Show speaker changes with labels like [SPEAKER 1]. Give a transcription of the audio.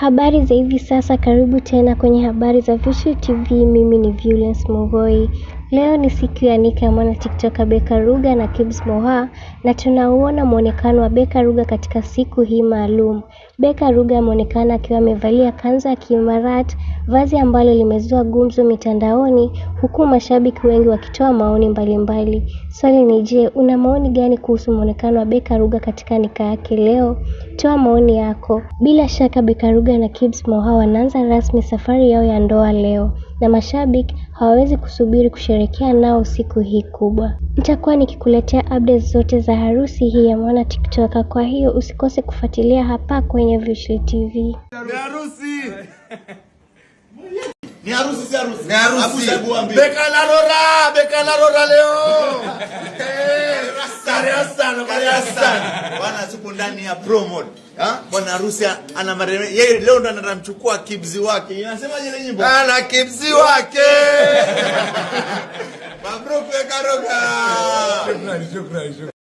[SPEAKER 1] Habari za hivi sasa, karibu tena kwenye habari za Veushly TV. Mimi ni Violence Mugoi. Leo ni siku ya nika ya mwana tiktoka Beka Ruga na Kibz Moha, na tunauona mwonekano wa Beka Ruga katika siku hii maalum. Beka Ruge ameonekana akiwa amevalia kanzu ya kimarat, vazi ambalo limezua gumzo mitandaoni huku mashabiki wengi wakitoa maoni mbalimbali. Swali ni je, una maoni gani kuhusu muonekano wa Beka Ruge katika nika yake leo? Toa maoni yako. Bila shaka Beka Ruge na Kibz Moha wanaanza rasmi safari yao ya ndoa leo na mashabiki hawawezi kusubiri kusherehekea nao siku hii kubwa. Nitakuwa nikikuletea updates zote za harusi hii ya mwana TikToker, kwa hiyo usikose kufuatilia hapa kwenye Veushly TV. Ni
[SPEAKER 2] harusi. Ni harusi, si harusi. Ni harusi. Beka la rora, beka la rora leo. Starehe sana, starehe sana. Bwana siku ndani ya pro mode. Ha? Bwana harusi ana mareme. Yeye leo ndo anamchukua kibzi wake. Inasemaje ile nyimbo? Ana kibzi wake. Mabruku ya karoka. Shukrani, shukrani.